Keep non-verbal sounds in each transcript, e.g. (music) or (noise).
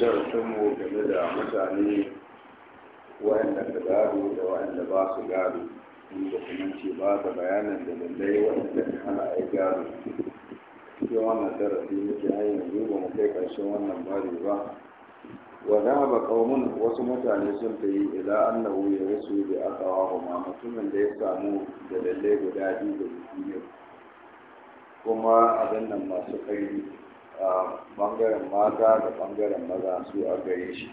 darasinmu game da mutane waɗanda ka gado da waɗanda ba su gado in da kuma ba da bayanin da lallai a gado kai ƙarshen wannan bari ba wa wasu mutane sun tayi ila annahu yarisu bi aqawahu ma mutumin da ya samu da lallai guda biyu da jiki kuma abin nan masu kairi bangaren mata da bangaren maza su a gare shi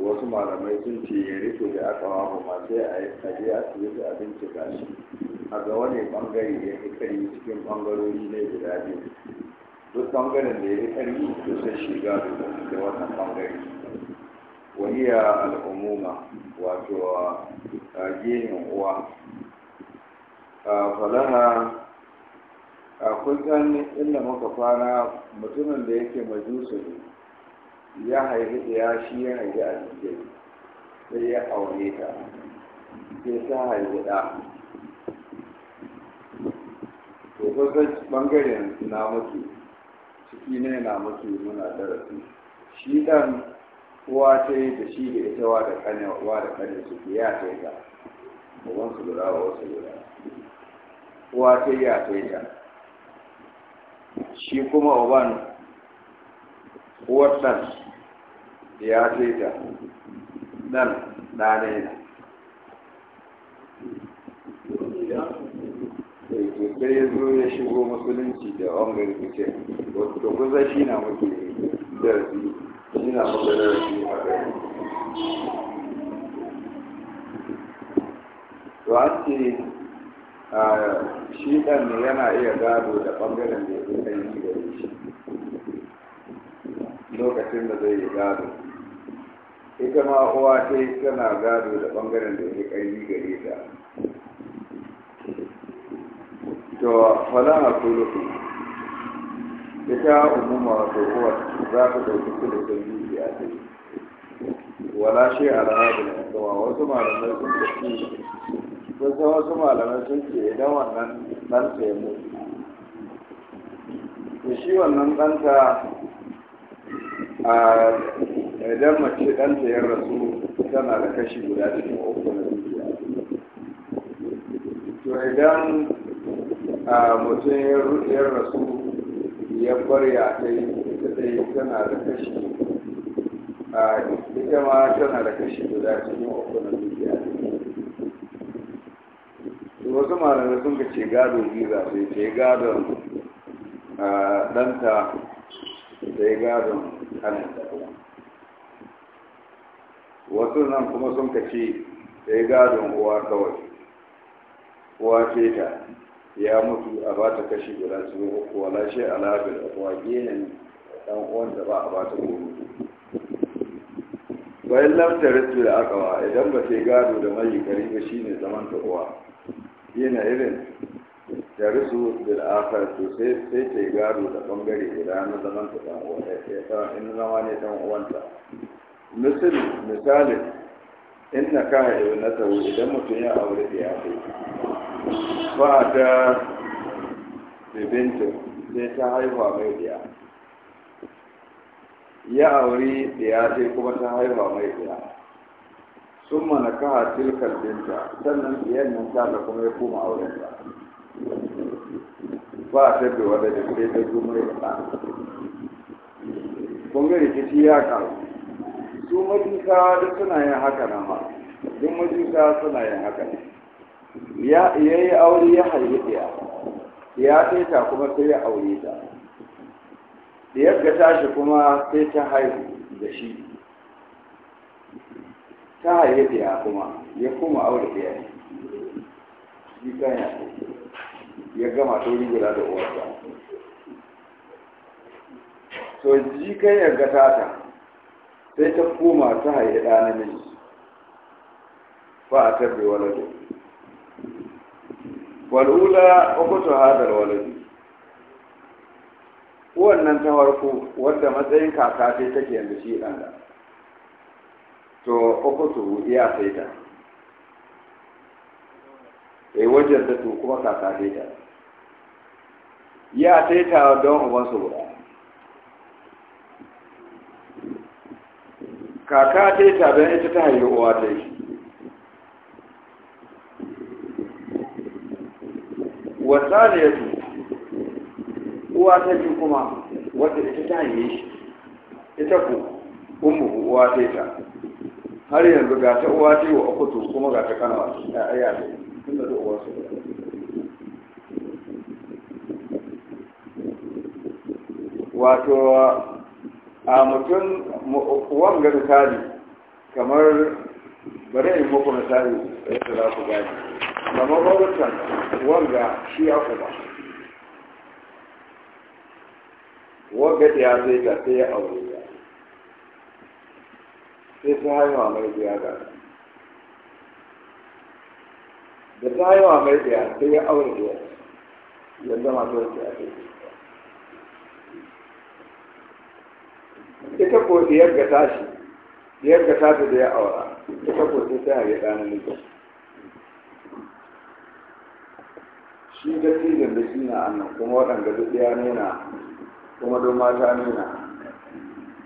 wasu malamai sun ce ya rike da aka wafa sai a yi kaje asibiti abin bincika shi a ga wani bangare ya yi kari cikin bangarori ne guda biyu duk bangaren da ya yi kari da sai shiga da wannan bangare wahiya al'umuma wato a gehen uwa falaha a kusan inda muka kwana mutumin da yake majusa ne ya haifi ya shi ya haifi a jikin, sai ya aure ta sai ta haifi ɗa to kusan ɓangaren na mutu ciki ne na mutu muna darasi shi ɗan uwa ta yi da shi da ita wa da kane wa da kane su ya ta yi ta uban su guda wa wasu guda uwa ta yi ya ta yi ta shi kuma uban uwar ya ce ta ɗan ɗane na da ya zo ya shigo musulunci da wanga kuce wato kusa shi na muke darasi shi na muke darasi a gari to an ce shi ɗan ne yana iya gado da ɓangaren da ya kai yi da shi lokacin da zai yi gado ita ma uwa ta tana gado da ɓangaren da ya kai yi gare ta to fala a kuluku ita umuma ko uwa za ta ɗauki kulukun a ta yi wala shi al'adun yawa wasu malamai sun tafi Sai san wasu malamai sun ce idan wannan ɗanta ya mutu da shi wannan ɗanta a idan mace ɗanta ya rasu tana da kashi guda cikin uku na zuciya to idan a mutum ya rasu ya bar ya kai ta tana da kashi ita ma tana da kashi guda cikin uku na wasu malamai sun ka ce gado biza sai ta yi gadon ɗanta ta yi gadon kaninta wasu nan kuma sun ka ce ta yi gadon uwa kawai uwa ce ta ya mutu a ba ta kashi guda su uku wala shi alabin uwa genin dan uwan da ba a ba ta komi bayan lantarki da aka wa idan ba sai gado da mai kari ba shine zaman ta uwa yana irin da rusu bil akhar to sai sai ta gado da bangare da na zaman ta dan uwa ya in zama ne dan uwanta misali misali in na ka ibnata idan mutum ya aure da yafi ba da bibinta sai ta haihuwa mai biya ya aure da ya sai kuma ta haihuwa mai biya sun mana kaha tilkar dinta sannan biyan nan ta da kuma ya koma auren ta ba ta da wadda da sai ta zuma ya da kun ga rikici ya karu su majusa duk suna yin haka na ma duk majusa suna yin haka ya yi aure ya haifi ɗaya ya sai kuma sai ya aure ta da ga tashi kuma sai ta haihu da shi ta haife ya kuma ya kuma aure da ne shi kanya ya gama tori guda da uwarsa to ji kai ya ga tata sai ta koma ta haife ɗa namiji fa a tabbe waladu wal'ula ukutu hadar waladu wannan ta farko wadda matsayin kaka sai take yanzu shi ɗan da to ukutu iya sai ta eh wajen da to kuma kaka sai ta ya sai ta don uban su guda kaka sai ta don ita ta haihu uwa ta yi wasa ne ya uwa ta ji kuma wata ita ta haife shi ita ku umu uwa ta yi har yanzu ga ta uwa ce yi wa akutu kuma ga ta kana wasu ya ne tun da uwa su wato a mutum wanga misali kamar bari in muku misali yadda za ku gani kamar robertson wanga shi ya kuma wanga ya zai ga sai ya aure sai sun haihuwa mai biya da da ta haihuwa mai biya sai ya aure biya ya zama dole sai a kai ita ko diyar ga tashi diyar ga tashi da ya aura ita ko sai ta haihuwa ɗanin nufi shi da filin da shi na annan kuma waɗanda duk ya nuna kuma don mata nuna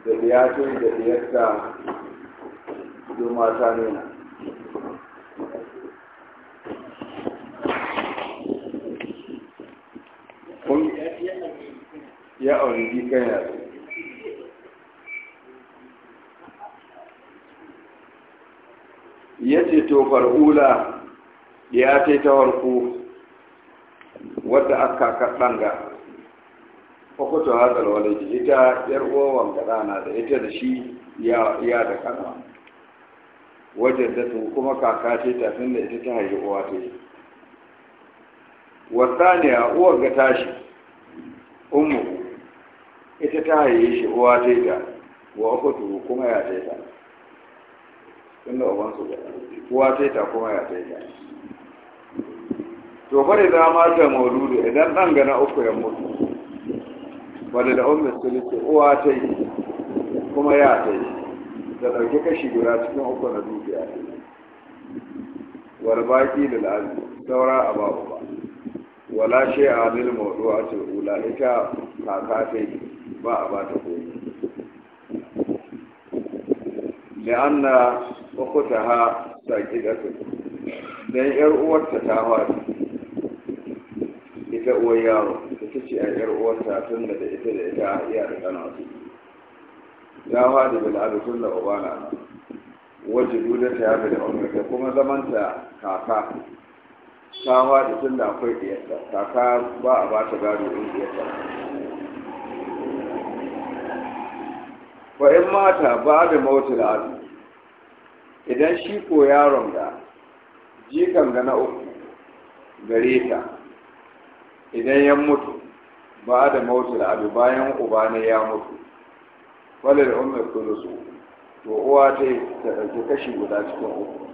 da biya da biyarta duk mata ne na ya auri yaro ya ce to far'ula ya ce ta wadda aka kaɗan ga to hatsar walaji ita yar uwan kaɗana da ita da shi ya da kaɗa wajen da su kuma kaka ce tafin da ita ta haifi uwa ta yi wasaniya uwar ga tashi umu ita ta haifi shi uwa ta yi ta wa uku kuma ya ta yi ta da uban su uwa ta yi ta kuma ya ta yi ta to bari za ma ta mauludu idan ɗan gana uku ya mutu wadda da umu su uwa ta yi kuma ya ta yi da ɗauki kashi guda cikin uku na dukiya wal baki lil azmi saura a babu ba wala shi a lil mawdu'a ce ula ita kaka ta ba a ba ta komai li'anna ukhtaha saqidatun dan yar uwarta ta fadi ita uwar yaro ita ce a yar uwarta tun da ita da ita ya da kana su ya hada bil adukun da ubana wajen da ta yabe da umarka kuma zamanta kaka ta hada tun da akwai diyarta kaka ba a ba ta gado in diyarta fa in mata ba da mawuta da azu idan shi ko yaron da jikan ga na uku gare ta idan ya mutu ba da mawuta da azu bayan uba ne ya mutu walil ummi thuluthu to uwa ta ta dauki kashi guda cikin uku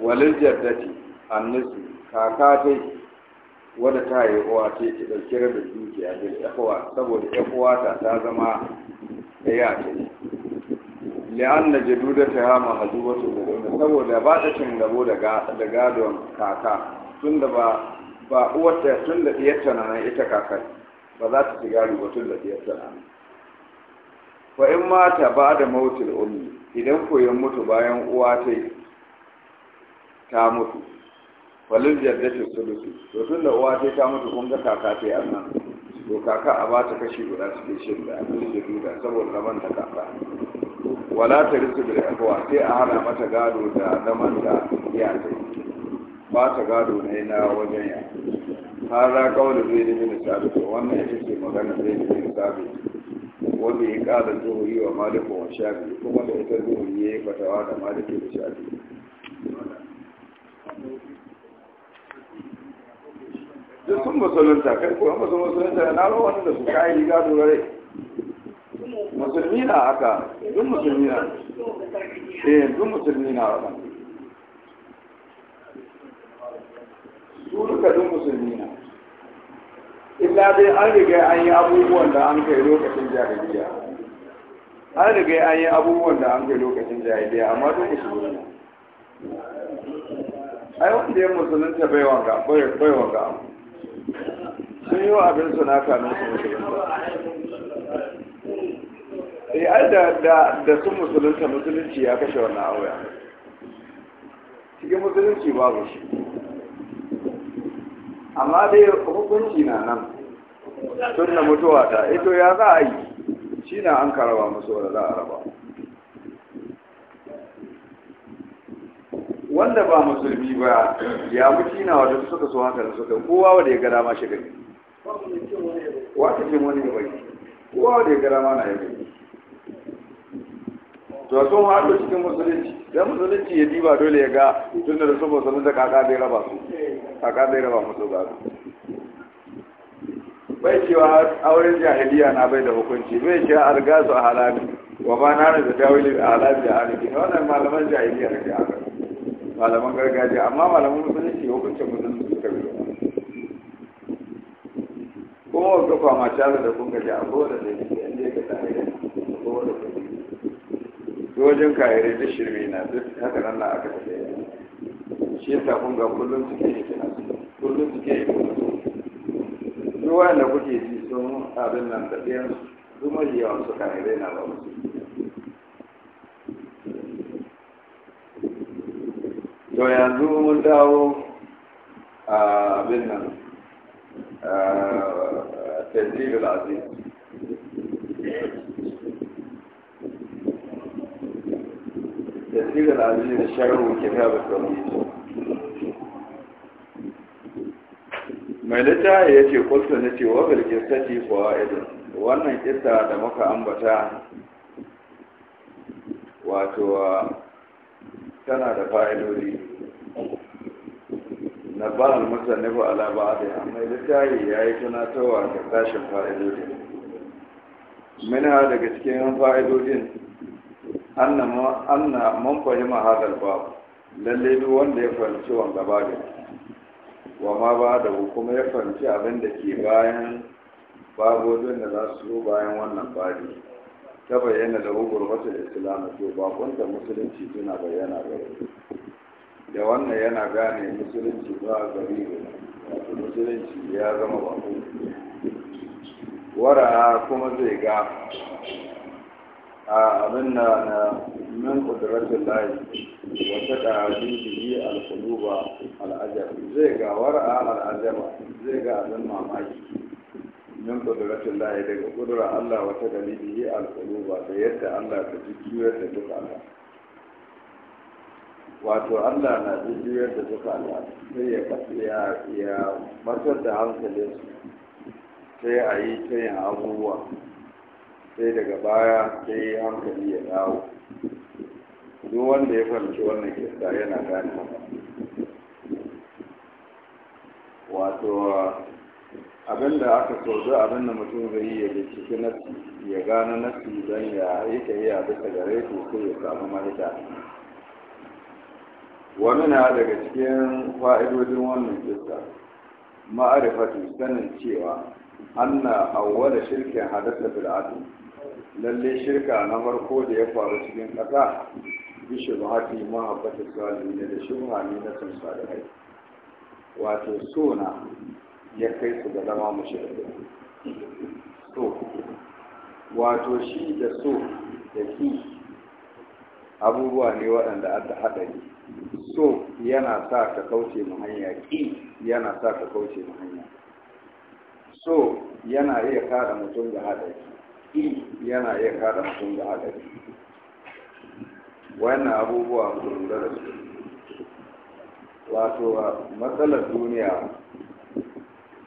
walil jaddati annisu kaka ta wadda ta yi uwa ta ki da rabin dukiya bil ikhwa saboda ikhwa ta ta zama daya ce li'an na jaduda ta ha mahazubatu da dole saboda ba ta cin gabo da gadon kaka tunda ba ba uwarta tun da diyar tana ita kakar ba za ta ci gado ba tun da diyar tana fa in mata ba da mautul ummi idan koyon mutu bayan uwa ta ta mutu falil jaddati sulusi to tun da uwa ta ta mutu kun ga kaka ta yan nan to kaka a ba ta kashi guda cikin shin da abin da duka saboda zaman ta kaka wala ta risu da akwa sai a hana mata gado da zaman da iya ta ba ta gado ne na wajen ya har za kawai da zai nemi da wannan ya ce magana zai nemi da sabi wanda ya kada zuhuri wa maliku wa shafi kuma da ita zuhuri ya yi fatawa da maliku da shafi duk sun musulunta kai ko an musu musulunta na rawar da su kayi riga da rai musulmi na haka duk musulmi na eh duk musulmi na haka su duka duk musulmi na illa dai an riga an yi abubuwan da an kai lokacin jahiliya an riga an yi abubuwan da an kai lokacin jahiliya amma duk ne ai wanda ya musulunta bai wanga bai wanga sun yi abin su na kanun su musulunta eh ai da da da sun musulunta musulunci ya kashe wannan auya cikin musulunci babu shi amma dai hukunci na nan tun da mutuwa ta ito ya za a yi shi na an karawa musu wanda za a raba wanda ba musulmi ba ya mutu na wadda suka so hankali suka kowa wadda ya gada ma shi gani wata ce wani ya bai kowa wadda ya gada ma na ya bai to sun haɗu cikin musulunci da musulunci ya diba dole ya ga tun da su musulun da kaka zai raba su kaka zai raba musu su bai cewa auren jahiliya na bai da hukunci bai cewa algasu a halabi wa ba na da jawili a halabi a halabi da wannan malaman jahiliya ne aka malaman gargajiya amma malaman musulunci hukuncin musulunci suka bi kuma wa kafa da kun gaji a kowane da ya ke tare da kowane da dojin kayarai da shirme na duk haka nan na aka tafiya shi yasa kun ga kullum suke yi kina kullum suke yi duk wanda kuke ji sun abin nan da ɗayan su yi yawan su kayarai na ba musu to yanzu mun dawo a abin nan a tasiril aziz da sigar aziz sharhu kitab tauhid mai littafi ya ce kulta na cewa bil kistati fawaidun wannan kista da muka ambata wato tana da fa'idodi na ba'al musannifu ala ba'adi amma littafi ya yi tunatarwa ga sashen fa'idodi Muna daga cikin fa'idodin anna man fahima hadal babu lalle duk wanda ya fahimci wanga da wa ma ba da kuma ya fahimci abin da ke bayan babobin da za su zo bayan wannan babi ta bayyana da wata islam to ba da musulunci suna bayyana ba. da wannan yana gane musulunci ba a gari wato musulunci ya zama bako wara kuma zai ga abin na na min kudratin layi wata da hadisi al-quluba al-ajab zai ga war'a al-ajaba zai ga abin mamaki min kudratin layi daga kudura Allah wata dalili al-quluba da yadda Allah ka jikiyar da duk Allah wato Allah na jikiyar da duk Allah sai ya ya ya matar da hankalin sai a yi ta abubuwa sai daga baya sai hankali ya dawo duk wanda ya fahimci wannan kista yana gane haka wato abin da aka so duk abin da mutum zai yi ya binciki nasi ya gano nasi don ya yi tafiya bisa gare su sai ya samu mahita wani na daga cikin fa'idodin wannan kista ma'arifatu sanin cewa anna awwala shirkin hadasa bil'adu lalle shirka na farko da ya faru cikin ƙasa bishe ba haƙi mahabbata ne da da shirka ne na sun salihai wato so na ya kai su ga zama mu mushrikai so wato shi da so da ki abubuwa ne waɗanda da haɗari so yana sa ka kauce mu hanya ki yana sa ka kauce mu hanya so yana iya kada mutum da haɗari yana iya kada mutum da adadi wannan abubuwa lura da su wato matsalar duniya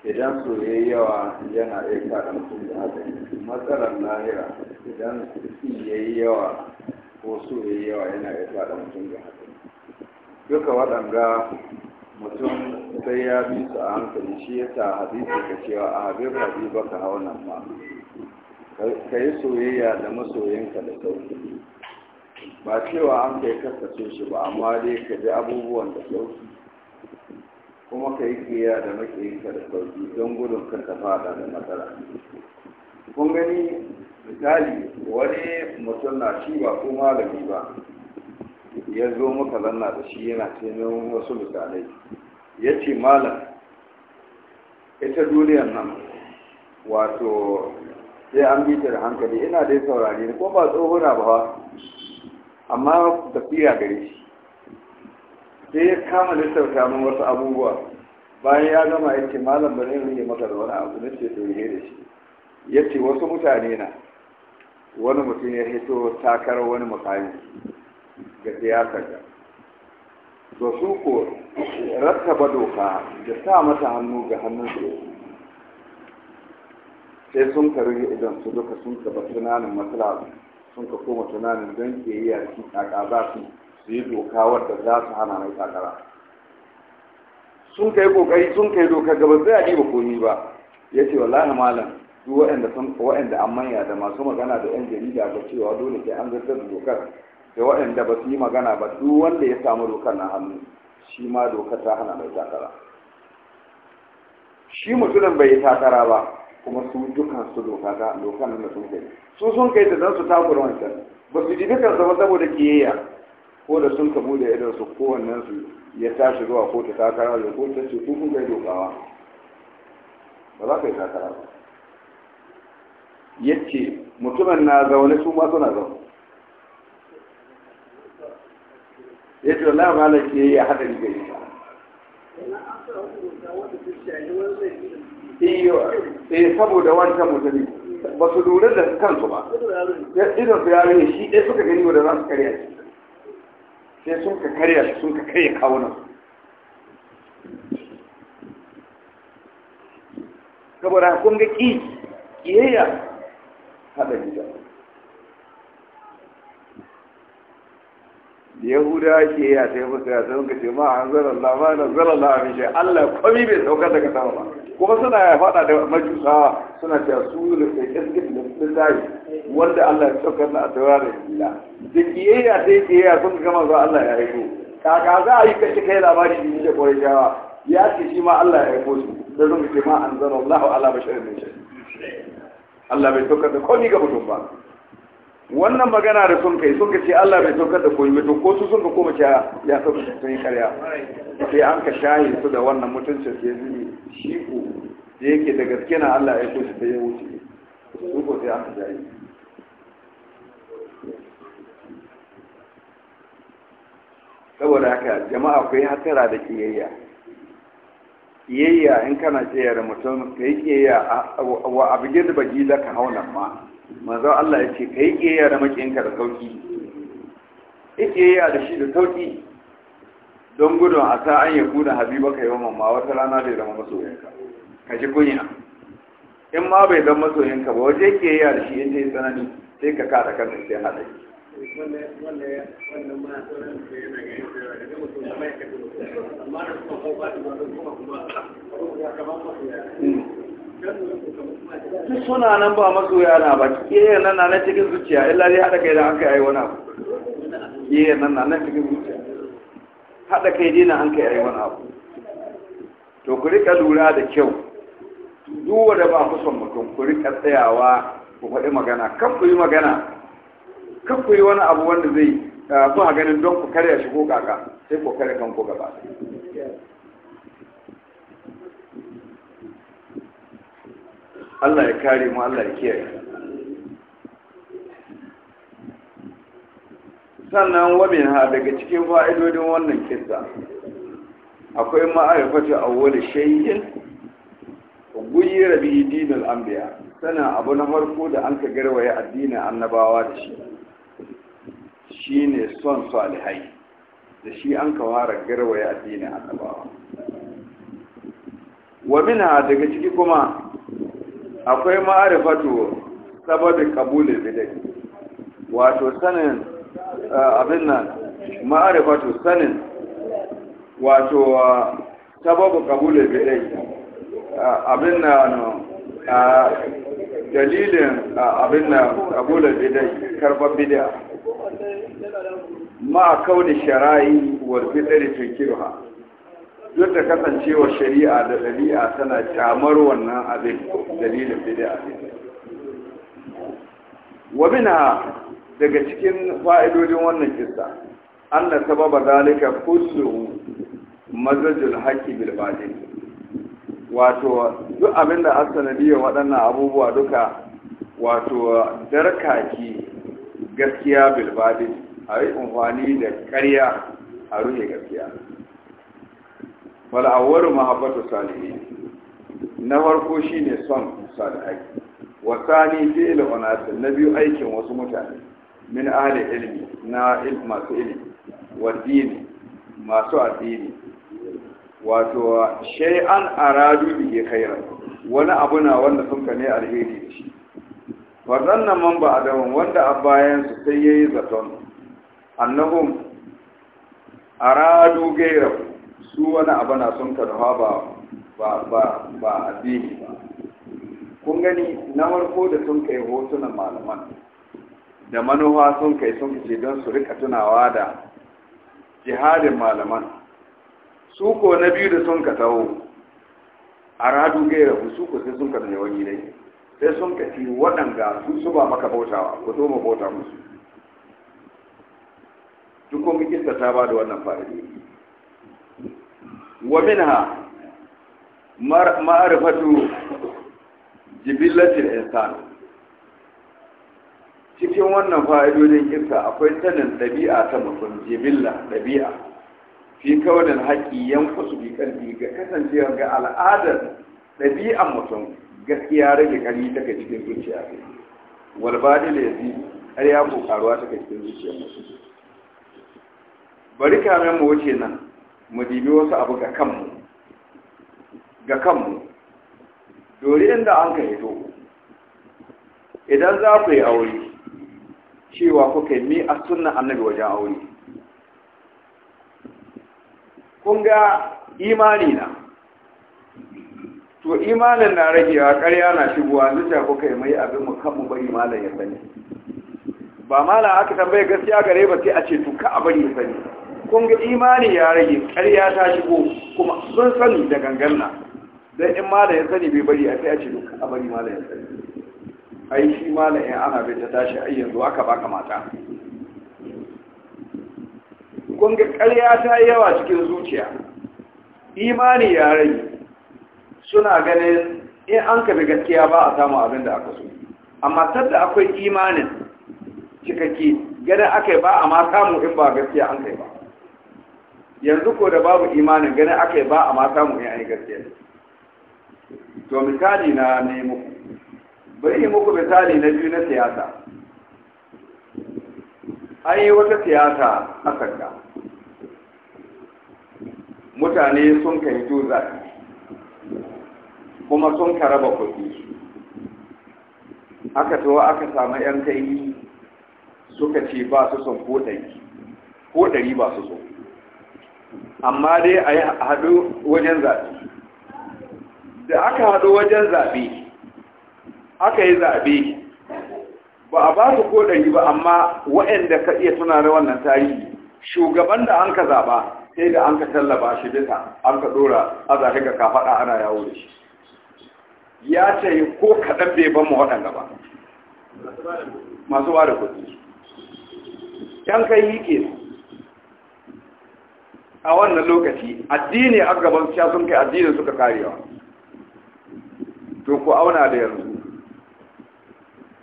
idan su yi yawa yana iya kada mutum da adadi matsalar lahira idan su yi yawa ko su yi yawa yana iya kada mutum da adadi duka waɗanda mutum sai ya bi su a hankali shi ya sa hadisi ka cewa a habib baka ka nan ma ka yi soyayya da masoyinka da sauki ba cewa an kai kasace shi ba amma dai ka ji abubuwan da sauki kuma ka yi kiyaya da makiyinka da sauki don gudun kan fada da matsala kun gani misali wani mutum na shi ba ko malami ba ya zo muka lanna da shi yana taimakon wasu misalai ya ce malam ita duniyar nan wato sai an bi da hankali ina dai saurari ko ba tsohuna ba amma tafiya gare shi sai ya kama lissafta min wasu abubuwa bayan ya gama yake, malam ba zai rage maka da wani abu na ce to da shi ya ce wasu mutane na wani mutum ya hito takarar wani mukami ga siyasar da to su ko rattaba doka da sa mata hannu ga hannun su sai sun ka rage idan su duka sun ka ba tunanin matsala sun ka koma tunanin don ke yi a cikin kaka za su su yi doka wadda za su hana mai takara sun kai kokari sun kai doka gaba sai a diba komi ba ya ce wallahi malam duk waɗanda waɗanda an manya da masu magana da yan jarida ba cewa dole sai an zartar da dokar da waɗanda ba su yi magana ba duk wanda ya samu dokar na hannu shi ma dokar ta hana mai takara shi mutumin bai yi takara ba kuma su dukan su doka ta dokan da sun kai su sun kai da don su takura wancan ba su dibi kansa ba saboda kiyayya ko da sun kamu da idan su kowannen su ya tashi zuwa ko ta takara da ko ta ce su kun kai dokawa ba za ka yi takara ba yace mutumin na zaune su ma suna zaune yace wallahi malam kiyayya hadari gari ta eh saboda wancan musulmi ba su lura da kansu ba idan su yare shi ɗaya suka gani wanda za su karya shi sai sun ka karya sun ka karya kawunan saboda kun ga ƙi ƙiyayya haɗa gida da yahuda ke yi a ta yi musu ya sun ka ce ma a hanzarar lama na zarar lama shi allah kwami bai sauka daga sama ba kuma suna ya faɗa da majusawa suna cewa su da kai suke da wanda Allah ya saukar na adawa da gida da kiyayya sai kiyayya sun gama zuwa Allah ya haifo kaka za a yi kashe kai labari da shi da kwarishawa ya ce shi ma Allah ya haifo su da zan ke ma an zana Allah ala bashirin ne shi Allah bai saukar da komai ga mutum ba wannan magana da sun kai sun ka ce Allah bai saukar da koyi to ko su sun ka koma ce ah, ya sauka sun yi karya sai an ka shahi su da wannan mutuncin sai zai shi ko da yake da gaske na Allah ya ko shi da ya wuce su ko sai an ka shahi saboda haka jama'a ku yi hatara da kiyayya kiyayya in kana ya da mutum ka yi kiyayya a abu girba gida ka haunan ma manzo Allah ya ce ka yi ƙiyayya da maƙiyinka da sauƙi yi ƙiyayya da shi da sauƙi don gudun a ta an yaku da habiba ka yi wa mamma wata rana da zama masoyinka ka ji kunya in ma bai zama masoyinka ba waje ƙiyayya da shi in ta yi tsanani sai ka kada kanka sai haɗa shi Mm. suna nan ba masu na ba kiyayen nan na nan cikin zuciya illa dai haɗa kai da an kai ai wani abu kiyayen nan na nan cikin zuciya haɗa kai dai na an kai ai wani abu to ku rika lura da kyau duwa da ba ku son mutum ku rika tsayawa ku faɗi magana kan ku yi magana kan ku yi wani abu wanda zai kuna eh, ganin don ku karya shi ko kaka sai ku kare kanku gaba ɗaya Allah ya kare mu Allah ya kiyaye sannan wabin ha daga cikin fa'idodin wannan kissa akwai ma'arifatu awwal shay'in guyira Rabi, dinul anbiya sana abu na farko da an ka garwaye addinin annabawa da shi shine son salihai da shi an ka fara garwaye addinin annabawa wa ha daga ciki kuma akwai ma'arifatu saboda kabulin bidai wato sanin eh, abin nan ma'arifatu sanin wato saboda kabulin bidai eh, abin nan eh, dalilin abin nan kabulin bidai karban bidai ma kauni shara'i wal fitri tunkiruha duk da kasancewa shari'a da ɗabi'a tana kyamar wannan abin dalilin bid'a wa daga cikin fa'idodin wannan kissa anna sababa zalika kullu mazajul haqqi bil batil wato duk abinda da asanadiya waɗannan abubuwa duka wato darkaki gaskiya bil batil a yi amfani da ƙarya a ruhe gaskiya wal awwalu mahabbatu salihin na farko shine son salihai wa thani fi'l unas na biyu aikin wasu mutane min ahli ilmi na masu ilmi wa dini masu addini wato shay'an aradu bi khairan wani abu na wanda sun ka ne alheri da shi waɗannan man ba adawan wanda a bayan su sai yayi zaton annahum aradu gairar su wani abu na sun karfa ba ba addini ba kun gani na marko da sun kai hotunan malaman da manuwa sun kai sun fice don su rika tunawa da jihadin malaman su ko na biyu da sun ka taho a radu gaira su ko sai sun ka da wani dai sai sun ka ci waɗanda su su ba maka bautawa ku zo mu bauta musu duk kuma kista ta ba da wannan fa'idi ومنها minha ma'arifatu jibillatil insan cikin wannan fa'idodin kisa akwai sanin ɗabi'a ta mutum jibilla ɗabi'a fi kawanin haƙi yanku su bi ƙarfi ga kasancewa ga al'adar ɗabi'an mutum gaskiya rage ƙari daga cikin zuciya ne walbadi da fi ƙarya ko ƙaruwa daga cikin zuciya mutum bari kamen mu wuce nan mu dibi wasu abu ga kanmu ga kanmu dori inda an ka hito idan za ku yi aure cewa kuka yi mi a sunan annabi wajen aure kun ga imani na to imanin na ragewa ƙarya na shigowa zuciya kuka yi mai abin mu kanmu bari malam ya sani ba malam aka tambaye gaskiya gare ba sai a ce tuka a bari ya sani kun ga imani ya rage ƙarya ta shigo kuma sun sani da ganganna don in mala ya sani bai bari a sai a ce a bari mala ya sani ai shi mala ya ana bai ta tashi ai yanzu aka baka mata kun ga ƙarya ta yawa cikin zuciya imani ya rage suna ganin in an ka bi gaskiya ba a samu abin da aka so amma tadda akwai imanin cikakke ganin aka yi ba a ma samu in ba gaskiya an kai ba yanzu ko da babu imanin ganin aka yi ba a mata mu yi ayi gaskiya to misali na nemo bari yi muku misali na biyu na siyasa an yi wata siyasa a sanda. mutane sun ka yi kuma sun ka raba kuɗi aka towa aka samu 'yan kai suka ce ba su son ko ɗari ba su son amma dai a yi haɗu wajen zaɓe da aka haɗu wajen zaɓe aka yi zaɓe ba a ba su koɗari ba amma waɗanda ka iya tuna da wannan tarihi shugaban da an ka zaɓa sai da an ka tallaba shi bisa an ka ɗora a zafi ga kafaɗa ana yawo da shi ya ce ko kaɗan bai ban mu waɗanda ba masu ba da kuɗi yan kai yi ke a wannan lokaci addini a gaban sha sun kai addinin suka karewa to ku auna da yanzu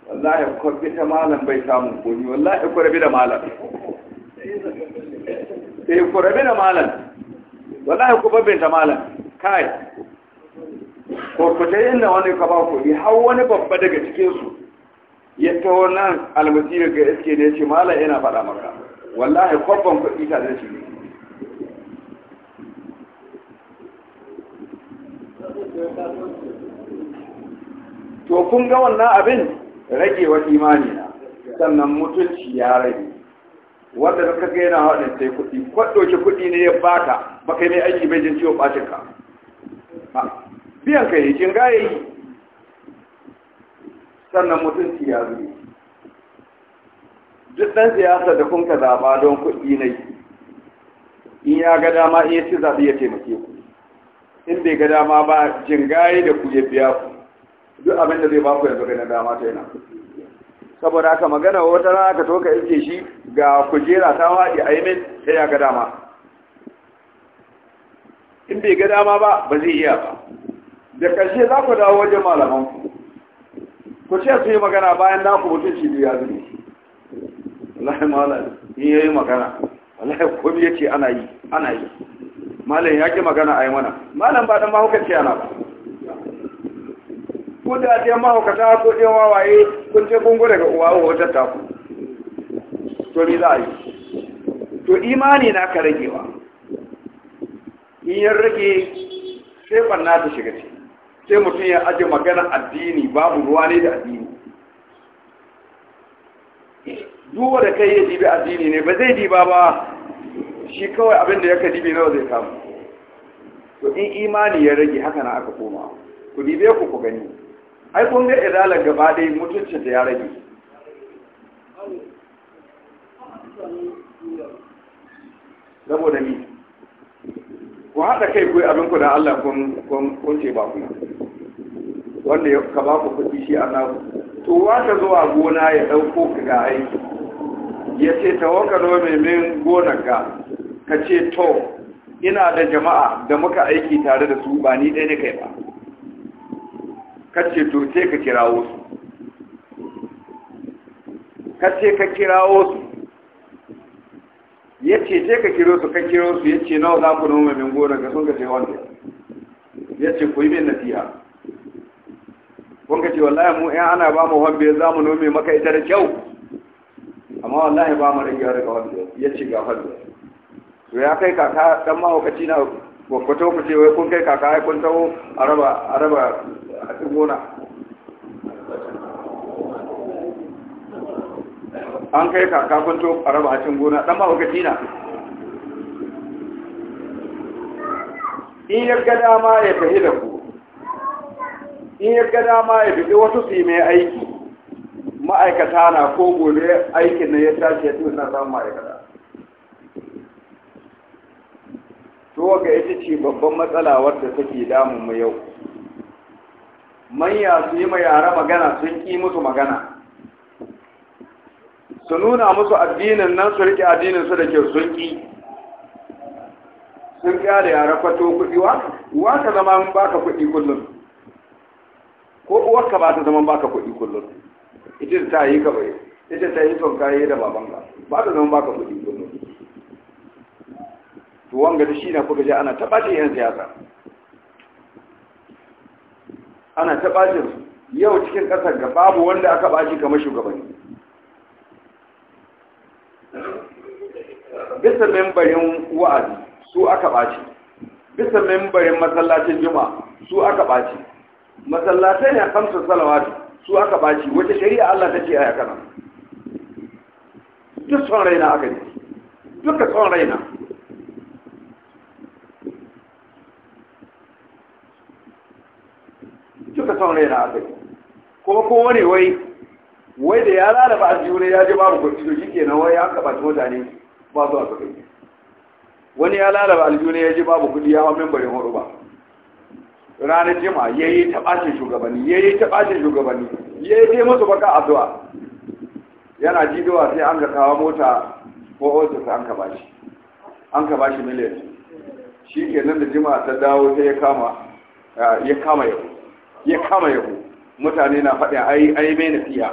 wallahi ku bi ta malam bai samun komi wallahi ku rabi da malam sai eh, ku rabi da malam wallahi ku babin ta malam kai ko ku ta inda wani ka ba ku har wani babba daga cikin su ya ta wannan almasiri ga iske ne ya ce malam yana faɗa maka wallahi kwabban ku ta zai shi ne to kun ga wannan abin ragewar imani na sannan mutunci ya rage wanda da kaga yana haɗin sai kuɗi kwaɗoke kuɗi ne ya baka baka yi mai aiki bai jin ciwon ɓacin ka biyan ka yi kin gaya yi sannan mutunci ya zuri duk ɗan siyasa da kun ka zaɓa don kuɗi ne in ya ga dama in ya ci zaɓi ya taimake ku in bai ga dama ba jingaye da kuje biya ku duk abin da zai ba ku yanzu ga dama ta yana saboda haka magana wata rana ka toka ilke shi ga kujera ta waɗi a yi min sai ya ga dama in bai ga dama ba ba zai iya ba da ƙarshe za ku dawo wajen malamanku ku ce su yi magana bayan na ku mutunci da ya zuri wallahi malam in yi magana wallahi komai yace ana yi ana yi malam ya ki magana a yi mana malam ba dan mahaukaci ana ba ko da ɗaya mahaukata ko ɗaya wawaye kun ce kun gure ga uwa uwa wajen taku to ni za a yi to imani na ka ragewa in ya rage sai banna ta shiga ce sai mutum ya aje magana addini babu ruwa ne da addini duwa da kai ya dibi addini ne ba zai diba ba shi kawai abin da ya ka dibe nawa zai samu to in imani ya rage haka na aka koma ku dibe ku ku gani ai kun ga idalar gaba ɗaya mutuncin da ya rage saboda ni ku haɗa kai ku abin ku da Allah kun ce ba ku wanda ya ka ba ku kuɗi shi Allah to wata zuwa gona ya ɗauko ga aiki ya ce tawakalo mai min gonar ka ka ce to ina da jama'a da muka aiki tare da su ba ni ɗaya ne kai ba ka ce to sai ka kirawo su ka ce ka kirawo su ya ce sai ka kiro su ka kiro su ya ce nawa za ku noma min gona ga sun ka ce wanda ya ce ku yi min nasiha kun ka ce wallahi mu in ana ba mu ya za mu nome maka ita da kyau amma wallahi ba mu rage daga wanda ya ce ga wanda to ya kai kaka dan mahaukaci na gwakwato ku ce wai kun kai kaka ya kun taho a raba a raba a cikin gona an kai kaka kun taho a raba a cikin gona dan mahaukaci na in ya ga dama ya tafi da ku in ya ga dama ya fi wasu su yi mai aiki ma'aikata na ko gobe aikin na ya tashi ya tuna samun ma'aikata to ga ita ce babban matsala wadda take damun mu yau manya su yi ma yara magana sun ƙi musu magana su nuna musu addinin nan su rike addinin su da ke sun ƙi sun ƙyale yara kwato kuɗi wa ka zama mun baka kuɗi kullum ko uwar ka ba ta zama baka kuɗi kullum ita ta yi ka bai ita ta yi son yi da babanka ba ta zama baka kuɗi kullum to wanga da shi na kuka ji ana taɓashin yan siyasa ana taɓashin su yau cikin ƙasar ga babu wanda aka ɓaci kamar shugabanni bisa membarin wa'azi su aka ɓaci bisa membarin masallacin juma su aka ɓaci masallatai ne hamsin salawatu su aka ɓaci wata shari'a Allah ta ce a yakana duk son raina aka yi duka son raina duka son raina a kai kuma wani wai wai da ya lalaba a jiyo ne ya ji babu kwanci to shi wai ya kaɓa mutane ba su a kai wani ya lalaba aljiyo ne ya ji babu kuɗi ya hau membarin horo ba ranar jima ya yi taɓashin shugabanni ya yi taɓashin shugabanni ya yi masu baka addu'a yana jidowa sai an ga kawo mota ko ofis an kaɓa shi an ka shi miliyan shi ke nan da jima ta dawo sai ya kama ya kama yau ya kama yahu mutane na faɗin ai ai mai nafiya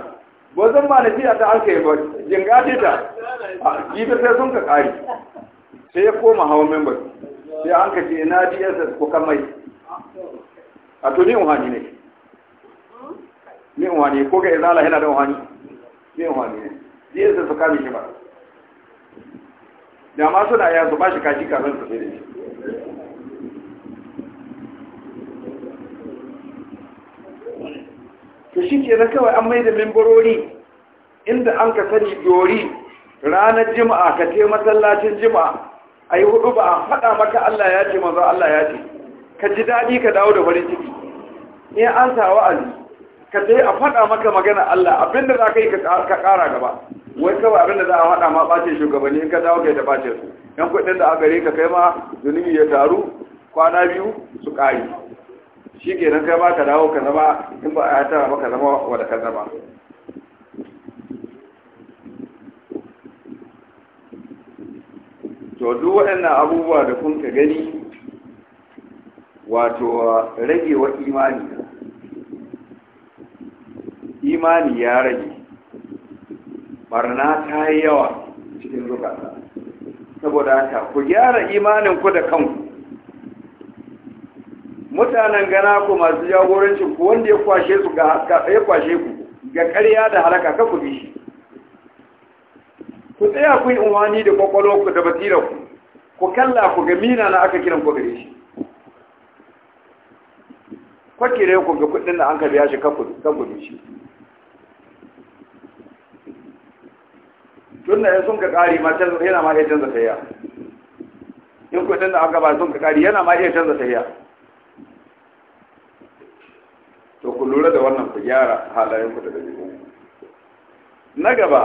ba zan ma nafiya ta an kai ba jinga ce ta jibi sai sun ka ƙari sai ya koma hawan member sai an ka ce na dss ko kan mai a to ni uhani ne ni uhani ko ga izala yana da uhani ni uhani ne dss su kame shi ba da ma suna yanzu ba shi kashi kafin su fere. shi shi ke na kawai an mai da mimbarori inda an ka sani yori ranar jima'a ka ce masallacin jima'a a yi hudu ba a faɗa maka Allah ya ce maza Allah ya ce ka ji daɗi ka dawo da farin ciki In an sa wa'azi ka ce a faɗa maka magana Allah abinda za ka yi ka ƙara gaba wai kawai abinda za a faɗa ma ɓace shugabanni in ka dawo ka yi ta ɓace. su yan kuɗin da a gare ka kai ma zunubi ya taru kwana biyu su ƙari shi ke nan kai ba ka dawo ka zama in ba a tara ba ka zama wadda ka zama to duk waɗannan abubuwa da kun ka gani wato rage imani imani ya rage barna ta yi yawa cikin zukata saboda ta ku gyara imaninku da kanku mutanen gana ku masu jagorancin ku wanda ya kwashe su ga ya kwashe ku ga ƙarya da halaka ka ku bishi ku tsaya ku yi umarni da kwakwalo ku da basira ku ku kalla ku ga mina na aka kiran ku gare shi kwakire ku ga kudin da an ka biya shi ka ku bishi tun da sun ka ƙari ma yana ma iya canza tafiya in kudin da aka ba sun ka ƙari yana ma iya canza ku lura da wannan ku gyara halayen ku da na gaba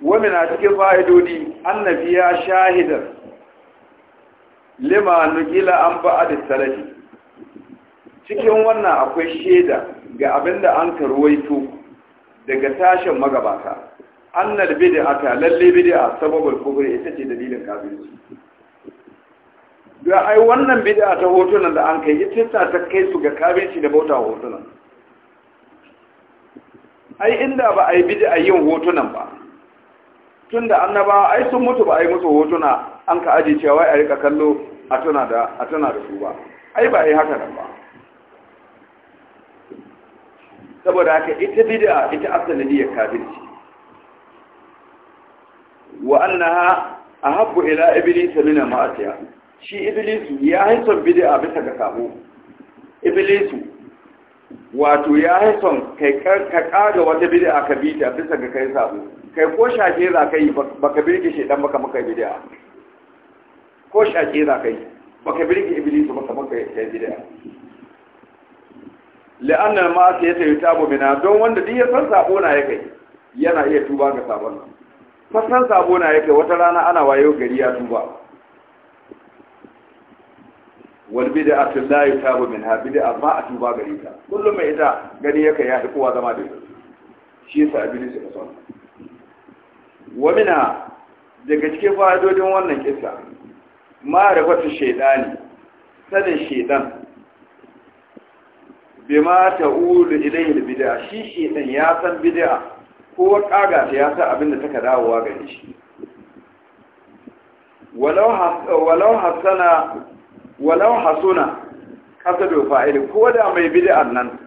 wani na cikin fa'idodi annabi ya shahidar lima nukila an ba'ad salafi cikin wannan akwai shaida ga abinda an karwaito daga tashin magabata annal ta lalle bid'a sababul kufr ita ce dalilin kafirci da ai wannan bid'a ta hotunan da an kai ita ta ta kai su ga kafirci da bauta hotunan ai inda ba a yi bidi a yin hotunan ba tun da annaba ai sun mutu ba a yi musu hotuna an ka aji cewa a rika kallo a tuna da su ba ai ba a yi haka nan ba saboda haka ita a ita asaliyar kafirci wa annaha ahabbu ila iblis min ma'asiya shi iblis ya haifar a bisa ga sabo iblis wato ya yi son ka ƙaga wata bid'a ka bi ta bisa ga kai sabo kai ko shaƙe za ka yi baka shi shaidan baka maka bid'a ko shaƙe za ka yi baka birki iblis baka maka bid'a la'anna ma sai ta tabo mina don wanda duk ya san sabo na ya kai yana iya tuba ga sabon fa san sabo na ya kai wata rana ana wayo gari ya tuba wal bid'atu la yutabu minha bid'a ba a tuba gari ta kullum mai ita gani yake ya fi kowa zama da ita shi yasa iblis ya kaso wa mina daga cikin fa'idodin wannan kissa ma rafatu shaydani sanin shaydan bima ta'ulu ilayhi bid'a shi shaydan ya san bid'a ko kaga ta ya san abin da take dawowa gare shi walau hasana walau hasuna da fa'ili ko da mai bid'an nan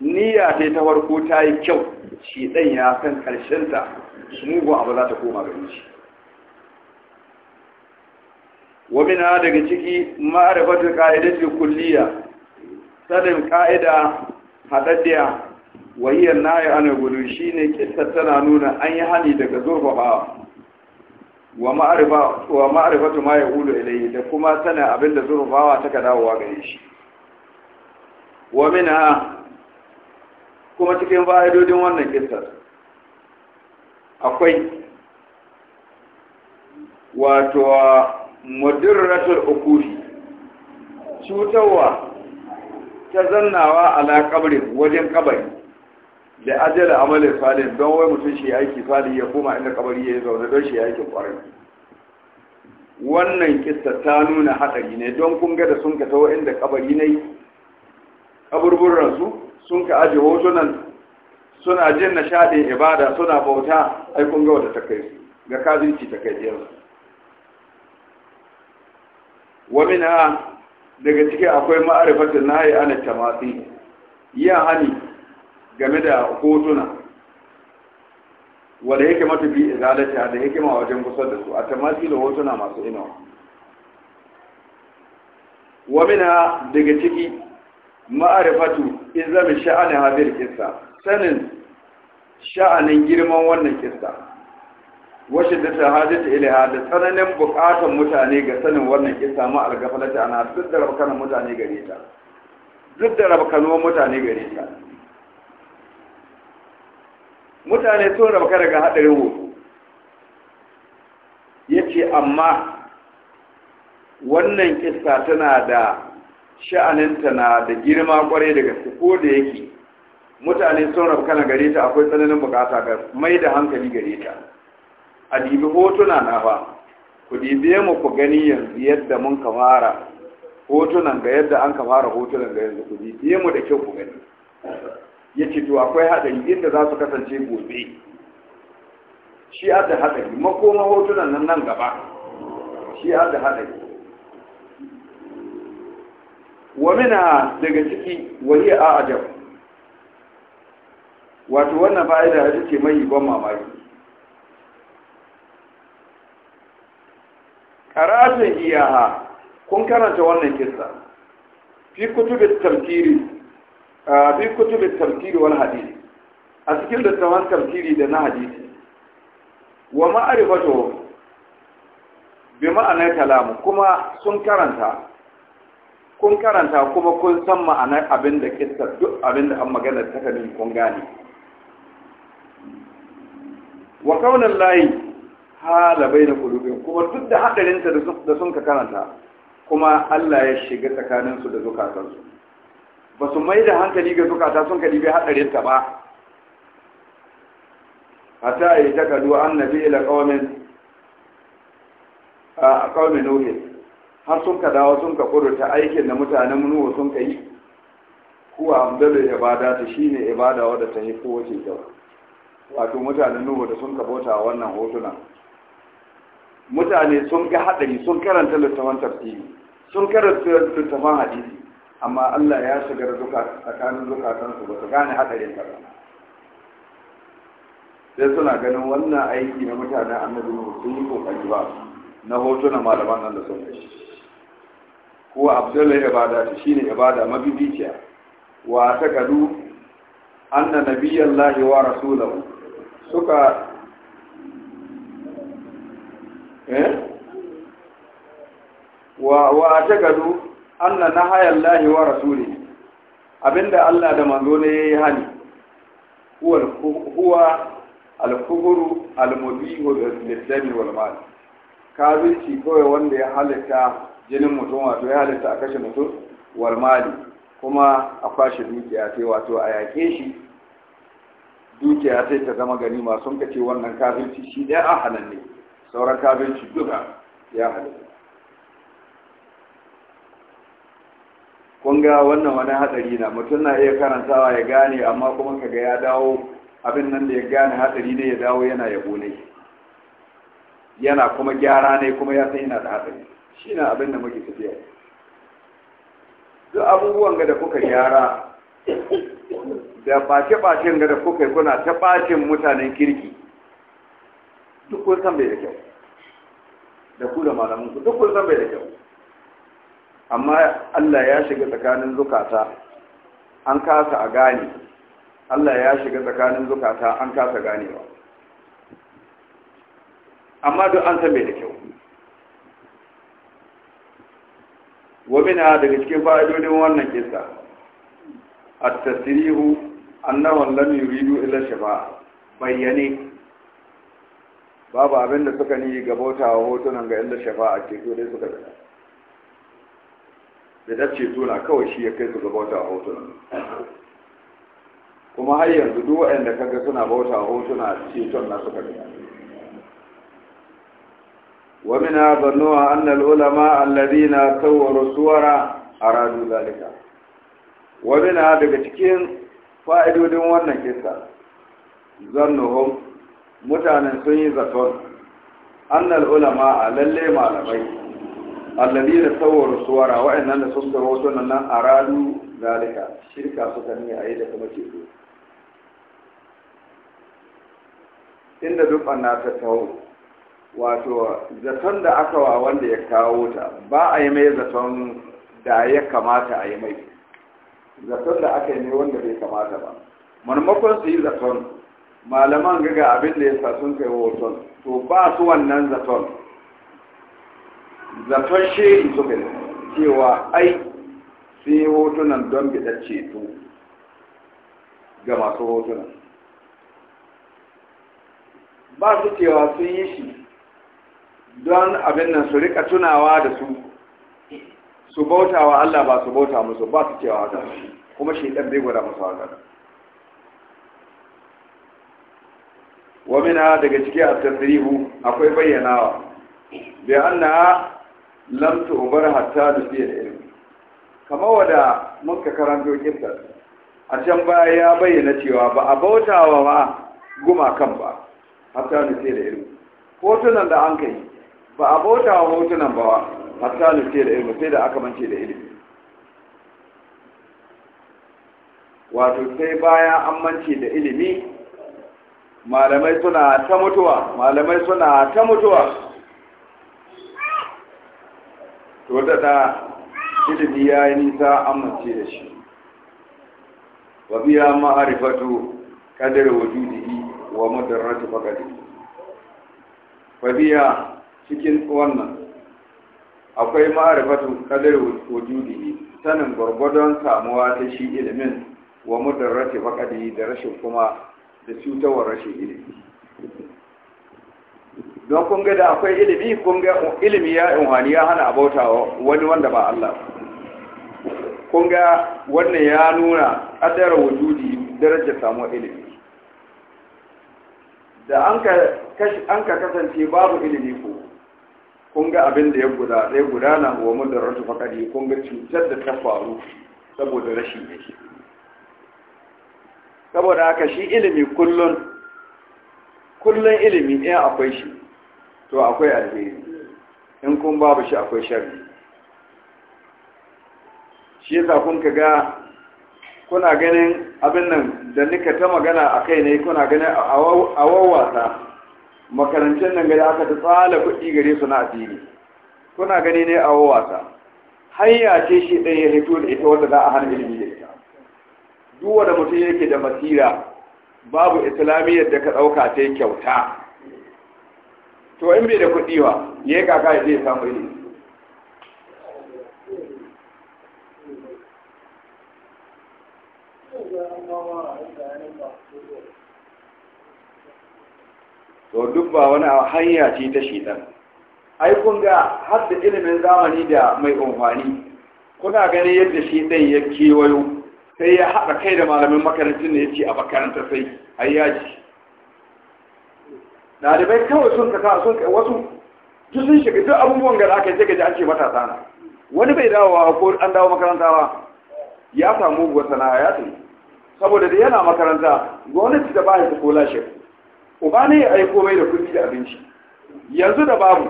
niyya ta ta farko ta yi kyau shi dan ya san karshen ta mugu abu za ta koma gare shi wamina daga ciki ma'arifatul qa'idati kulliya sanin qa'ida hadaddiya wahiyar nayi ana gudu shine kissa tana nuna an yi hani daga zurfafa wa ma'arifatu ma ya ulu ilayhi da kuma sanin abin da zurfawa ta dawowa gare shi wa mina kuma cikin fa'idodin wannan kisar akwai wato mudirratul ukuri cutarwa ta zannawa ala kabrin wajen kabari da ajiyar amalin falin don wai mutum shi aiki fali ya koma inda kabari ya yi zaune don shi aikin kwarai wannan kista ta nuna haɗari ne don kun ga da sun ka tawo inda kabari ne kaburburansu sun ka aje hotunan suna jin nishaɗin ibada suna bauta ai kun ga wata takai su ga kazinci takai kai ɗiyar Wani na daga ciki akwai ma'arifatin nahi ana tamatsi yin hani game da hotuna wanda yake mata bi izalata da yake ma wajen kusa da su a tamasi da hotuna masu inawa wa mina daga ciki ma'arifatu izami sha'anin hadir kissa sanin sha'anin girman wannan kissa washe da ta ta ilaha da tsananin bukatan mutane ga sanin wannan kissa ma algafalata ana duk da rabkanin mutane gare ta duk da rabkanuwan mutane gare ta mutane sun rabka daga hadarin ya yace amma wannan kissa tana da sha'aninta na da girma kwarai daga gaske ko da yake mutane sun rabka na gare ta akwai tsananin bukata ga mai da hankali gare ta a dibi hotuna na ba, ku dibe mu ku gani yanzu yadda mun ka hotunan ga yadda an ka hotunan ga yanzu ku dibe mu da kyau ku gani ya ce to akwai haɗari inda za su kasance gobe shi da haɗari makoma hotunan nan nan gaba shi da haɗari wa mina daga ciki wani a ajab wato wannan fa'ida ita ce mai ban mamaki karatun iyaha kun karanta wannan kisa. fi kutubin tamkiri bi kutubin tafsiri wal hadisi a cikin littafan tafsiri da na hadisi wa ma'arifatu bi ma'anar kalamu kuma sun karanta kun karanta kuma kun san ma'anar abin da kissa duk abin da an magana ta kanin kun gane wa kaunan layi hala bai na kulubin kuma duk da haɗarinta da sun ka karanta kuma Allah ya shiga tsakaninsu da zukatansu ba su mai da hankali ga zukata sun kadi bai haɗa ta ba ta yi ta kadu annabi ila ƙaunin a qaumin nuhi har sun ka dawo sun ka ta aikin da mutanen nuhu sun ka yi kuwa amdalu da ta shine ibada wadda ta yi kowace kyau wato mutanen nuhu da sun ka bauta wannan hotunan mutane sun ga haɗari sun karanta littafan tafsiri sun karanta littafan hadisi amma Allah ya shigar tsakanin zukatansu ba su gane haɗarin ta ba sai suna ganin wannan aiki na mutanen annabi sun yi kokari ba na hotunan malaman nan da sun kai kuwa abdullahi ibada ta shine ibada mabibiciya wa ta kadu anna nabiyallahi wa rasulahu suka eh wa wa ta gadu anna nahaya Allah wa rasuli abinda Allah da manzo ne yayi hani huwa huwa al-kufru al-mubihu lil-dami wal-mal kawai wanda ya halitta jinin mutum wato ya halitta a kashe mutum wal kuma a kwashe dukiya sai wato a yake shi dukiya sai ta zama gani ma sun kace wannan kafirci shi dai a halanne sauran kafirci duka ya halitta kun ga wannan wani hadari na mutum na iya karantawa ya gane amma kuma kaga ya dawo abin nan da ya gane hadari ne ya dawo yana yabo ne yana kuma gyara ne kuma ya san yana da hadari shi na abin da muke tafiya duk abubuwan ga da kuka gyara da ɓace-ɓacen ga da kuka kuna ta ɓacin mutanen kirki duk kun san bai da kyau da ku da ku duk kun san bai da kyau amma Allah ya shiga tsakanin zukata an kasa a gane Allah ya shiga tsakanin zukata an kasa ganewa amma duk an san mai da kyau wamina daga cikin fa'idodin wannan kisa at-tasrihu annahu lam yuridu illa shafa'a bayyane babu abinda suka ni ga bautawa hotunan ga illa shafa'a ke so dai suka bada da dace tona kawai shi ya kai su ga bauta a hotuna kuma har yanzu duk waɗanda kaga suna bauta a hotuna ton na suka gina wa zanno a annal an al'ulama alladina tawwaru suwara a radu zalika wa min daga cikin fa'idodin wannan kisa zannuhum mutanen sun yi zaton annal al'ulama a lalle malamai allabi da sauwar suwara wa'annan da sun gaba wasu nan aradu zalika shirka suka ne a yi da kuma ceto inda duk na ta taho wato zaton da aka wa wanda ya kawo ta ba a yi mai zaton da ya kamata a yi mai zaton da aka yi mai wanda bai kamata ba marmakon su yi zaton malaman gaga abin da ya sa sun kai hoton to ba su wannan zaton zaton shiri suka cewa ai sai hotunan don bidar ceto ga masu hotunan ba su cewa sun yi shi don abin nan su rika tunawa da su su bauta wa Allah ba su bauta musu ba su cewa haka kuma shi ɗan bai gwada musu haka wamina daga ciki a tasirihu akwai bayyanawa bi na lam tu umar hatta da biyan ilmi kamar wada muka karanto kinta a can baya ya bayyana cewa ba a bautawa ma kan ba hatta da biyan ilmi hotunan da an kai ba a bautawa hotunan ba hatta da biyan ilmi sai da aka mance da ilmi wato sai baya an mance da ilimi malamai suna ta mutuwa malamai suna ta mutuwa to da da ilimi ya yi nisa amince da shi wa biya ma'arifatu kadar wujudihi wa madarratu faqadi wa biya cikin wannan akwai ma'arifatu kadar wujudihi sanin gwargwadon samuwa ta shi ilimin wa madarratu faqadi da rashin kuma da cutawar rashin ilimi don kun ga da akwai ilimi kun ga ilimi ya inwani ya hana abota wani wanda ba Allah kun ga wannan ya nuna ƙaddara wujudi darajar samuwar ilimi da an ka kasance babu ilimi ko kun ga abin da ya guda ɗaya gudana wa mudarratu faƙari kun ga cutar da ta faru saboda rashi ne saboda haka shi ilimi kullun kullun ilimi ɗaya akwai shi to akwai alheri in kun babu shi akwai sharri shi yasa kun ka ga kuna ganin abin nan da nika ta magana a kai ne kuna ganin a wawwasa makarancin nan gari aka ta tsala kuɗi gare su na asiri kuna gani ne a wawwasa hanya ce shi ɗaya ya hito da ita wanda za a hana ilimi da ita duk wanda mutum yake da masira, babu islamiyyar da ka ɗauka ta kyauta to in bai da kuɗi ba ya yi kaka ya zai samu ilimi to duk ba wani hanya ce ta shidan ai kun ga har da ilimin zamani da mai amfani kuna ganin yadda shi ɗan ya kewayo sai ya haɗa kai da malamin makarantun da ya ce a makarantar sai ai ji. ɗalibai kawai sun ka sun ka wasu duk sun shiga duk abubuwan gara aka yi sai ji an ce matasa na wani bai dawowa ko an dawo makaranta ba ya samu guwa sana'a ya tuni saboda da yana makaranta gwamnati da baya ta kola shi uba ne ya aiko mai da kudi da abinci yanzu da babu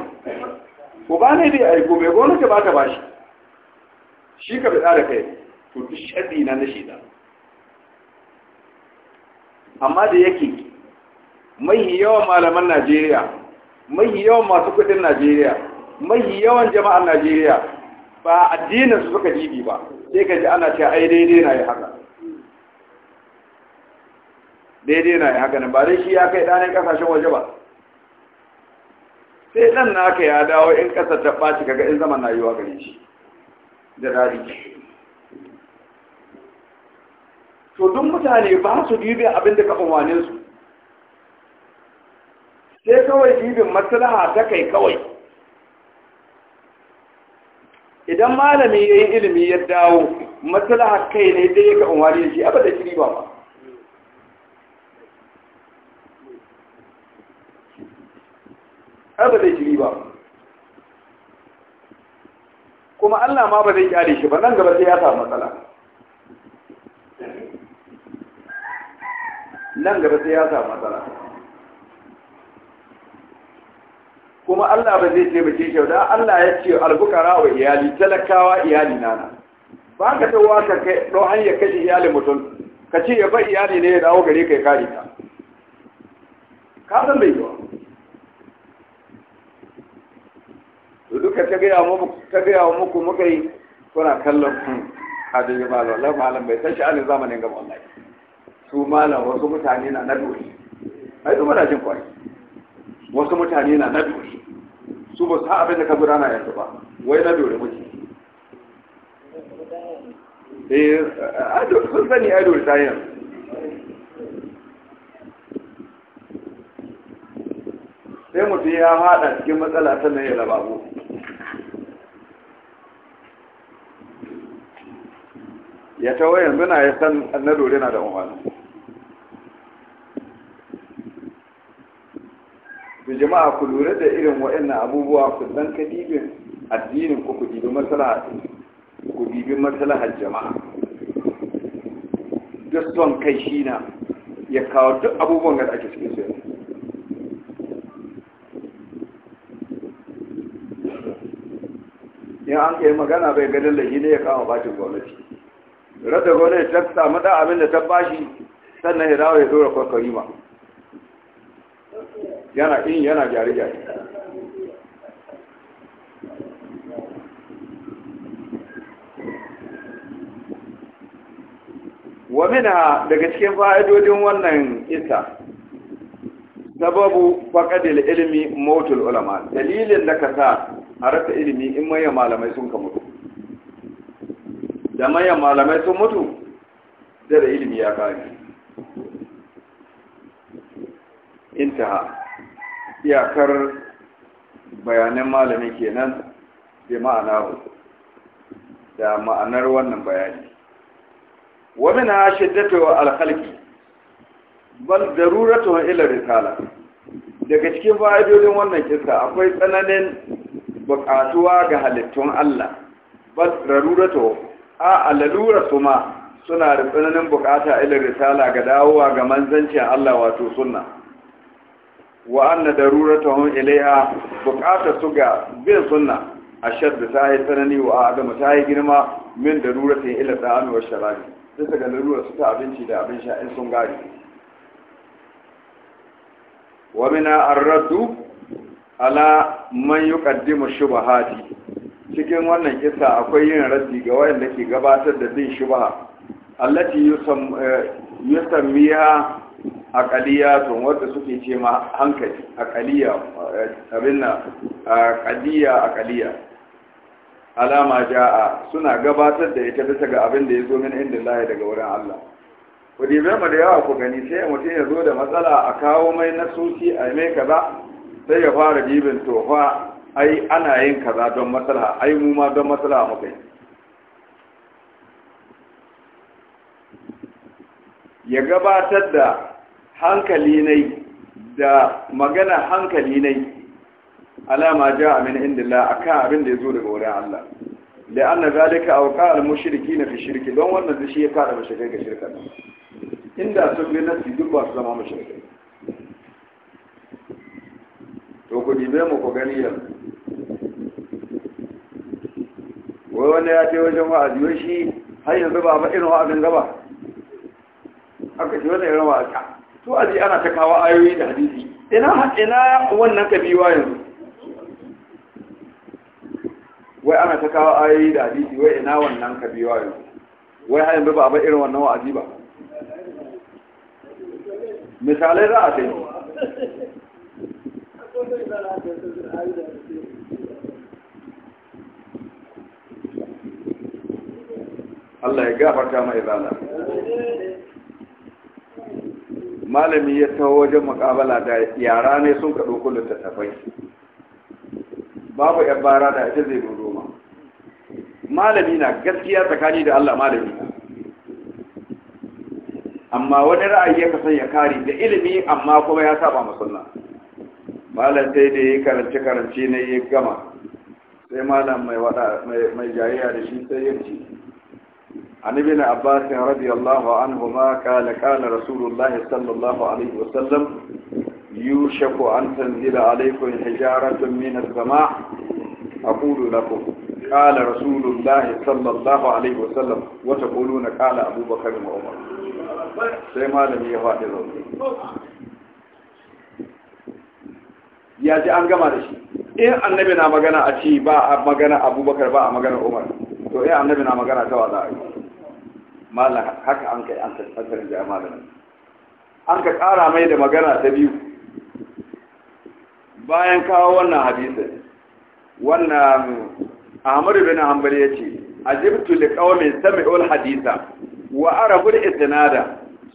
uba ne da ya aiko mai gwamnati ba ta bashi shi ka bada da kai to duk shaɗi na na shida amma da yake mai yawan malaman Najeriya mai yawan masu kudin Najeriya mai yawan jama'ar Najeriya ba addinin su suka jibi ba sai ka ji ana cewa ai daidai na yi haka daidai na yi haka ne, ba dai shi ya kai ɗanin ƙasashen waje ba sai ɗan naka ya dawo in ƙasar ta ɓaci kaga in zaman na yiwa gare shi da daɗi to duk mutane ba su dubi abin da wane su. sai kawai ibin maslaha ta kai kawai idan malami ya yi ilimi ya dawo maslaha kai ne dai ka umari shi, shi abada shiri ba ba abada shiri ba kuma Allah ma ba zai kyale shi ba nan gaba sai ya samu matsala nan gaba sai ya samu matsala kuma Allah ba zai taimake shi da Allah ya ce albukara wa iyali talakawa iyali nana ba ka ta waka kai don hanya kashe iyali mutum ka ce ya ba iyali ne ya dawo gare kai kare ka ka san bai yiwa to duka ta gaya muku ta gaya muku muka yi kuna kallon hadin ya malam Allah malam bai san sha'anin zamanin gaba wallahi su malam wasu mutane na na ai duk muna jin kwari wasu mutane na na dore su ba su ha abin da ka gudana yanzu ba wai na dore muke eh sun sani a ta yin sai mutu ya haɗa cikin matsala sannan ya labaru ya tawayen yanzu ya san na dore na da umarni to jama'a ku lura da irin waɗannan abubuwa ku dan kadibin addinin ku ku dibi maslaha ku dibi maslahar jama'a duk son kai shi na ya kawo duk abubuwan da ake cikin su Yin an kai magana bai ga lahi ne ya kama bashin gwamnati rada gwamnati ta samu da abin da ta bashi sannan ya dawo ya dora kwakwari ma yana in yana gyare-gyare wamina daga cikin fa'idodin wannan isa sababu faƙadil ilimi motul ulama dalilin da ka sa a rasa ilimi in mayan malamai sun ka mutu da mayan malamai sun mutu da da ilimi ya kare intaha iyakar bayanan malami kenan bi ma'ana da ma'anar wannan bayani wani na shiddata wa alhalki bal daruratu wa ila risala daga cikin fa'idodin wannan kisa akwai tsananin bukatuwa ga halittun Allah bal daruratu a alalura kuma, suna da tsananin bukata ila risala ga dawowa ga manzancin Allah wato sunna wa anna daruratuhum ilayha buqata suga bi sunna ashad ta sa'i tsanani wa adamu ta girma min daruratin ila ta'ami wa sharabi sai daga darurar su ta abinci da abin sha in sun gari wa mina raddu ala man yuqaddimu shubahati cikin wannan kissa akwai yin raddi ga wanda ke gabatar da bin shubaha allati eh, yusammiha aqaliya to wanda suke ce ma hankali akaliya abin nan akaliya alama ja'a suna gabatar da ita bisa ga abin da zo min inda Allah daga wurin Allah ku dibe mu da yawa ku gani sai mutum ya zo da matsala a kawo mai nasuki a mai kaza sai ya fara bibin tofa ai ana yin kaza don matsala ai mu ma don matsala mu kai ya gabatar da hankali ne da magana hankali ne alama ja amin indila akan abin da ya zo daga wurin Allah da anna zalika a wuka mushiriki na fi shirki don wannan shi ya fara mashirai ga shirka inda sun bi nasi duk ba su zama mashirai to ku dibe mu ku gani yanzu wai wanda ya ce wajen wa wai har yanzu ba ba irin wa'azin gaba aka ce wani irin wa'azi su ji ana ta kawo ayoyi da hadisi ina ina wannan kabiwa yanzu wai ana ta kawo ayoyi da hadisi wai ina wannan kabiwa yanzu wai har yanzu ba a bar irin wannan wa'azi ba misalai za a kai Allah ya gafarta mai zana. malami ya taho wajen mukabala da yara ne sun ka ɗauko littattafai babu yan bara da ita zai gudu ma malami na gaskiya tsakani da Allah malami na amma wani ra'ayi ya kasan ya kari da ilimi amma kuma ya saba musulma malam sai da ya karance karance na ya gama sai malam mai wada mai jayayya da shi sai ya عن ابن عباس رضي الله عنهما قال كان رسول الله صلى الله عليه وسلم يوشك أن تنزل عليكم حجارة من السماء أقول لكم قال رسول الله صلى الله عليه وسلم وتقولون قال أبو بكر وعمر سيما لم يفعل ya ji an gama da shi in annabi na magana a ci ba a magana abubakar ba a magana umar to in annabi na magana ta wa za a yi malam haka an kai an tattarin da malamin an ka ƙara mai da magana ta biyu bayan kawo wannan hadisin wannan ahmad bin hanbal ya ce ajibtu li qaumin sami'ul haditha wa arabu al-isnada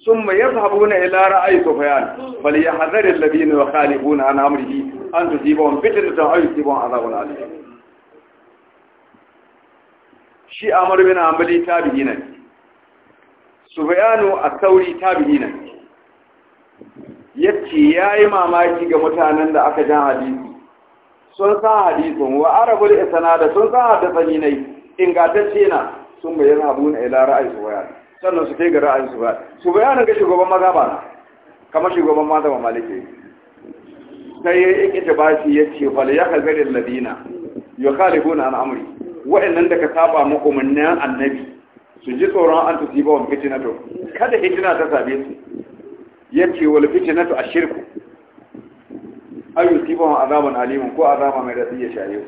thumma yadhhabuna ila ra'yi sufyan yahdhar alladhina yukhalifuna an amrihi an tusibahum fitnatun aw yusibahum adhabun alim shi ahmad bin hanbali tabi'i ne sufiyanu a sauri ta tabi'i nan yace yi mamaki ga mutanen da aka jan hadisi sun san hadisun wa arabul da sun san hadisani ne ingatacce na sun bayyana na ila ra'ayi sufiyan sannan su kai ga ra'ayi sufiyan sufiyan ga shugaban maza na kama shugaban ba maliki sai ya ikita bashi yace fal yakhzaril ladina kalibu an amri wa'annan da ka saba mu umannan annabi su ji tsoron an tusi ba wa fitinatu kada fitina ta same su Ya ce wal fitinatu ashirku ayu wa azaban alimun ko azaba mai rasu ya share ku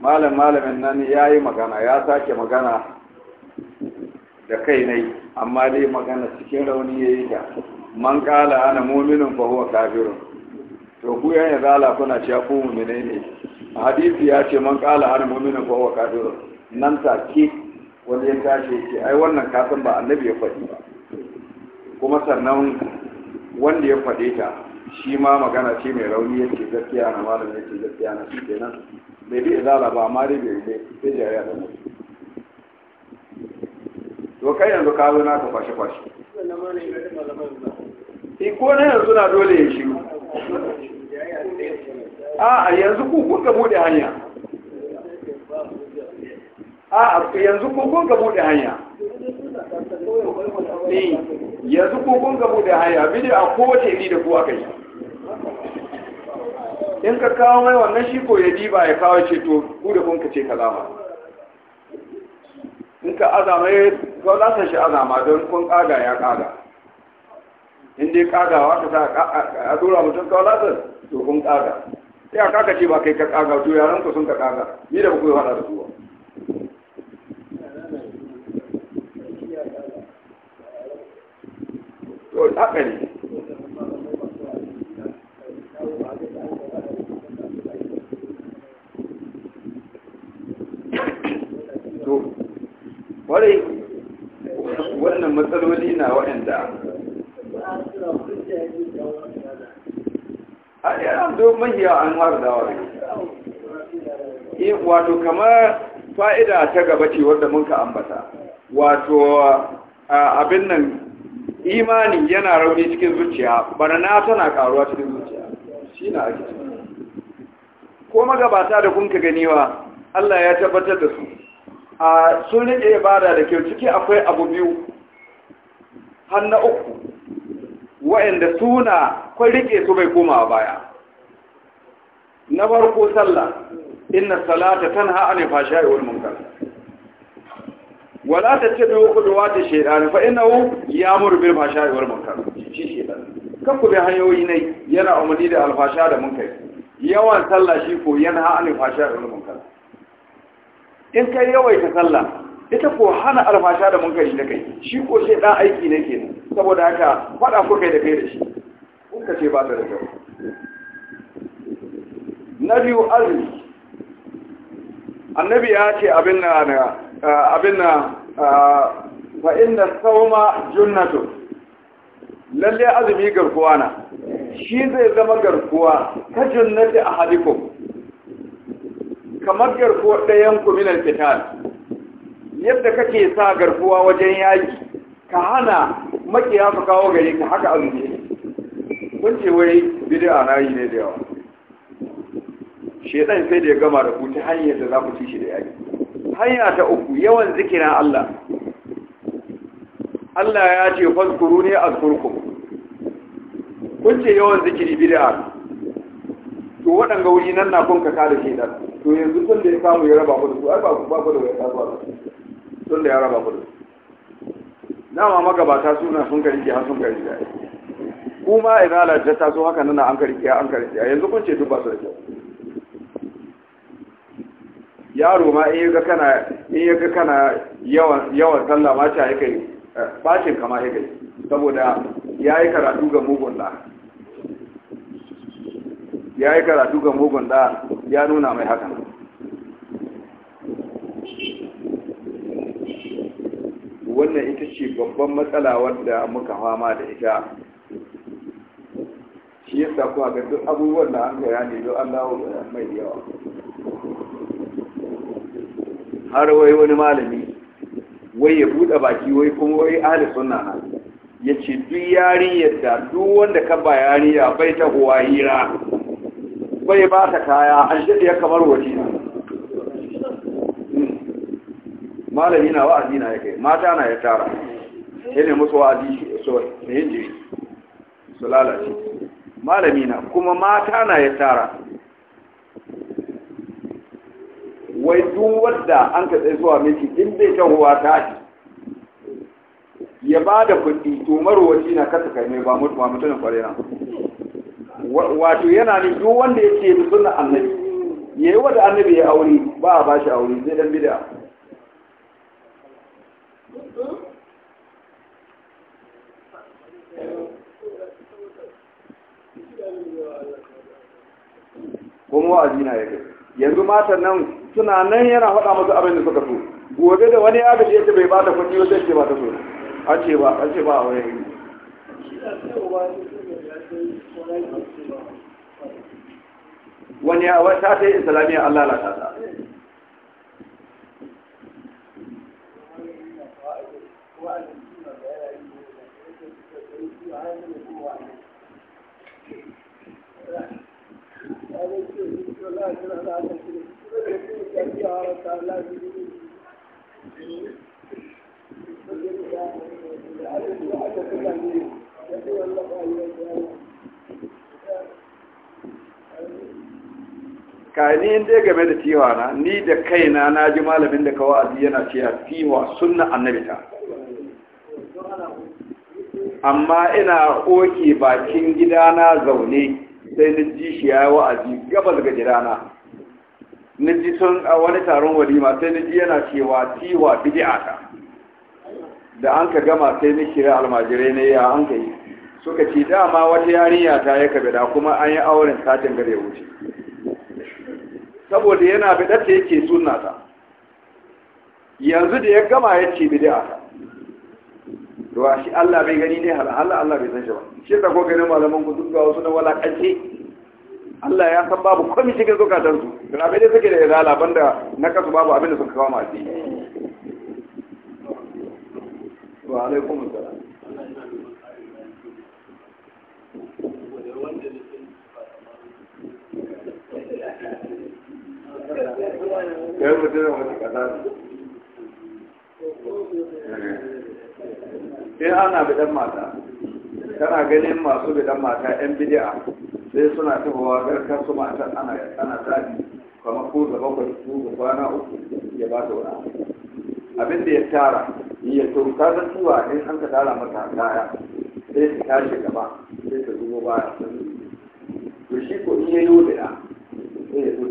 malam malamin nan ya yi magana ya sake magana da kai yi amma dai magana cikin rauni ya yi ta man kala ana muminin fahuwa kafirun to ku yan zala kuna cewa ku mu'mine ne hadisi ya ce man kala ana muminin fahuwa kafirun nan take wani ya tashi ce ai wannan kasan ba annabi ya faɗi ba kuma sannan wanda ya faɗe ta shi ma magana ce mai rauni ya ce gaskiya na malam ya ce gaskiya na shi kenan bai bi izala ba amma dai bai bai sai jariya da mutu to kai yanzu ka zo naka kwashe kwashe eh, in ko na yanzu na dole ya shiru a yanzu ku kuka bude hanya a yanzu kun gabo da hanya yanzu kun gabo da hanya bide a kowace yi da kuwa kai in ka kawo mai wannan shi ko ya diba ya kawo ce to ku da kun ka ce kaza ma in ka azama ya kawo lasa shi azama don kun kaga ya kaga in dai kagawa ka sa a dora mutum kawo lasa to kun kaga sai a kaka ce ba kai ka kaga to yaran ku sun ka kaga ni da ba ku yi hada da ba saboda to wannan matsaloli na waɗanda a mahiya an da wari eh, wato kamar fa'ida ta gaba ce wadda mun ka ambata wato abin nan imani yana rauni cikin zuciya barna tana karuwa cikin zuciya shi na ake ko magabata da kunka ka ganewa Allah ya tabbatar da su a sun ibada da kyau ciki akwai abu biyu har uku wa'anda suna kwai rike su bai koma baya na farko sallah inna salata tanha anil fashai wal munkar wala تتبعوا ce da فانه ta بالفحشاء والمنكر ina ya muru bil fasha wal munkar shi shaidan kan hanyoyi ne yana umarni da alfasha da yawan sallah shi ko yawaita sallah ita ko hana alfasha da munkari da kai shi ko sai da aiki ne kenan saboda haka fada ku kai da kai da shi kun ka ce ba da kyau na biyu azumi annabi ya ce abin na abin na fa inda sauma junnatu lalle azumi garkuwa na shi zai zama garkuwa ta junnati a hadiku kamar garkuwa ɗayan kuminar fitar yadda kake sa garkuwa wajen yaki, ka hana makiya su kawo gari ka haka azumi kun ce wai bid'a na yi ne da yawa shedan sai da ya gama da ku ta hanyar da za ku ci shi da yaki hanya ta uku yawan zikirin Allah Allah ya ce faskuru ne a kun ce yawan zikiri bid'a to waɗanga wuri nan na kun kaka da shedan to yanzu tun da ya samu ya raba ku da su ai ba ku ba ku da wai kasuwa tun da ya raba ku da su magabata suna sun karike har sun karike kuma idan lalata ta so haka nan an karike an karike yanzu kun ce duk ba su da kyau yaro ma in yaga kana in yaga kana yawan yawan sallah ma ta yake eh, bacin kama yake saboda yayi karatu ga mugun da yayi karatu ga mugun da ya nuna mai haka wannan ita ce babban matsala wanda muka fama da ita shi yasa kuwa ga duk abubuwan da an gaya ne don Allah mai yawa har wai wani malami wai ya buɗe baki wai kuma wai ahli sunna na ya ce duk yariyar da duk wanda ka ba ya bai ta huwa hira bai ba ta kaya an shaɗe ya kamar waje hmm. malami na wa'azi na ya kai mata na ya tara ya musu wa'azi so da yin jiri su lalace malami na kuma mata na ya tara wai duk wanda an ka tsaye zuwa miki in bai ta ruwa ta shi ya ba da kuɗi to marowaci na kasa kai mai ba mutuwa kware na. wato yana ne duk wanda ya ce da sunan annabi ya yi wanda annabi ya aure ba a ba shi aure zai dan bida kuma wa'azi na ya kai yanzu matan nan suna nan yana faɗa musu abin da suka so gobe da wani abin da yake bai ba ta kuɗi ba ce ba ta so a ce ba a ce ba a wani wani ya ta ta yi islamiyya Allah la ta Thank (laughs) you. kani in dai game da tiwa na ni da kaina na ji malamin da kawo azi yana a tiwa sunna annabita. amma ina koke bakin gidana zaune sai na ji shi ya wa'azi gabas ga gidana na ji sun a wani taron walima sai na ji yana cewa tiwa bid'a ta da an ka gama sai ni kira almajirai ne ya an ka yi suka ci. dama wata yarinya ta ya da kuma an yi auren satin gare wuce saboda yana bidar ta yake sunna ta yanzu da ya gama ya ce bid'a ta shi Allah bai gani ne hala Allah bai san shi ba shi da ko ganin malaman ku duk ga wasu na walakanci Allah ya san babu komai cikin zukatan su rabe dai suke da izala banda na kasu babu abin da suka kawo masu yi. wa alaikum assalam kai mutum eh, ana bidan mata tana ganin masu bidan mata yan bidi'a sai suna tabawa garkar su ta ana ana tabi kuma ko da bakwai ko da kwana uku ya ba da wani abin da ya tara ya to ka ga tuwa in an ka tara mata kaya sai ta tashi gaba sai ta zubo baya to shi ko in yayo da ya sai ya zo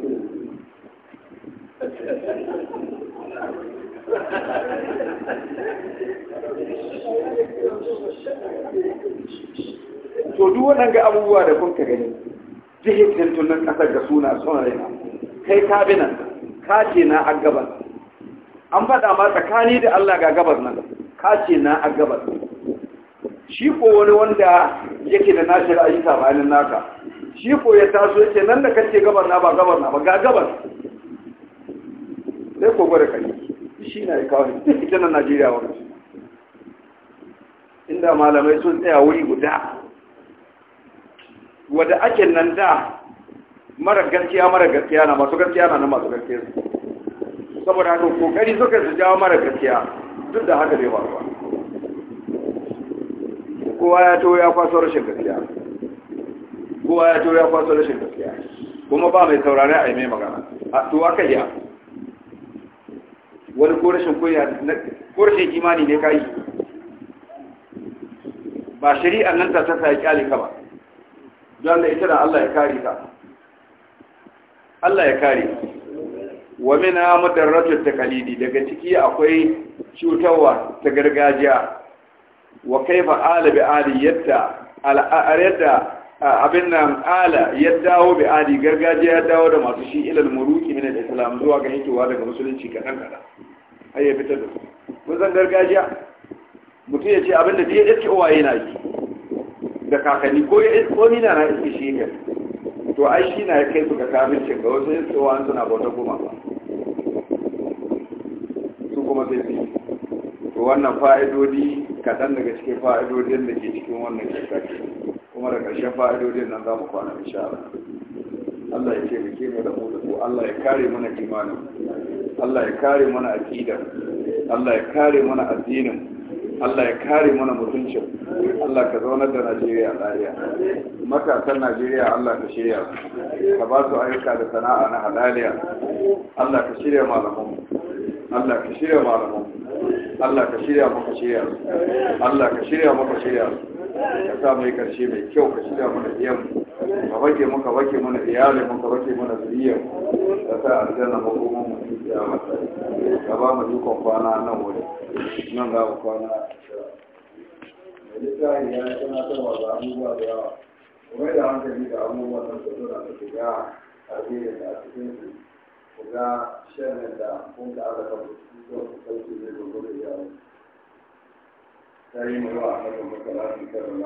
da Thank you. to duk ga abubuwa da kun ka gani jihin tunan ƙasar ga suna suna raina kai ka bi nan ka ce na a gabas an faɗa ma tsakani da Allah ga gabas nan ka ce na a gabas shi ko wani wanda yake da nashi ra'ayi bayanin naka shi ko ya taso yake nan da kace gabar na ba gabar na ba ga gabar sai ko gore kai shi na ya kawo ita nan Najeriya wannan inda malamai sun tsaya wuri guda wadda ake nan da mara gaskiya mara gaskiya na masu gaskiya na na masu gaskiya su saboda haka kokari suka su jawo mara gaskiya duk da haka zai ba kowa ya to ya kwaso rashin gaskiya kowa ya to ya kwaso rashin gaskiya kuma ba mai saurari a yi mai magana a to aka yi wani ko rashin koya ko rashin imani ne ka yi ba shari'an nan ta ta sa ya kyale ka ba don da ita da Allah ya kare ta Allah ya kare wa mina mudarratu takalidi daga ciki akwai cutarwa ta gargajiya wa kaifa ala bi ali yadda al'arada abin nan ala ya dawo bi ali gargajiya ya dawo da masu shi ilal muruki min al-islam zuwa ga hitowa daga musulunci kadan kadan ai ya fitar da su mun san gargajiya mutum ya ce abin da ya dace uwaye na yi da kakanni ko ya isko ni na na iske shi ne to ai shi na ya kai su ga kafircin ga wasu tsohon suna bauta goma ba su kuma sai fi to wannan fa'idodi kaɗan daga cikin fa'idodin da ke cikin wannan shekaki kuma da ƙarshen fa'idodin nan za mu kwana insha Allah Allah ya ce mu ke mu da mu da ku Allah ya kare mana imanin Allah ya kare mana aqidar Allah ya kare mana addinin Allah ya kare mana mutuncin Allah ka zaunar da Najeriya lafiya matasan Najeriya Allah ka shirya ka ba su ayyuka da sana'a na halaliya Allah ka shirya malamun Allah ka shirya malamun Allah ka shirya maka shirya Allah ka shirya maka shirya ka sa mai karshe mai kyau ka shirya mana iyanmu ka wake muka wake mana iyalin muka wake mana zuriyar ka sa aljanna makomanmu ya mata ka ba mu dukkan kwana nan wuri nan za kwana da littafi ya yi ta wata abubuwa da yawa kuma da hankali da abubuwan da su suna da shiga a biyu da a cikin su ku ga shirin da kun da aka kafa su su sauke ne da gudu da yawa ta yi mawa a kan makaratu karin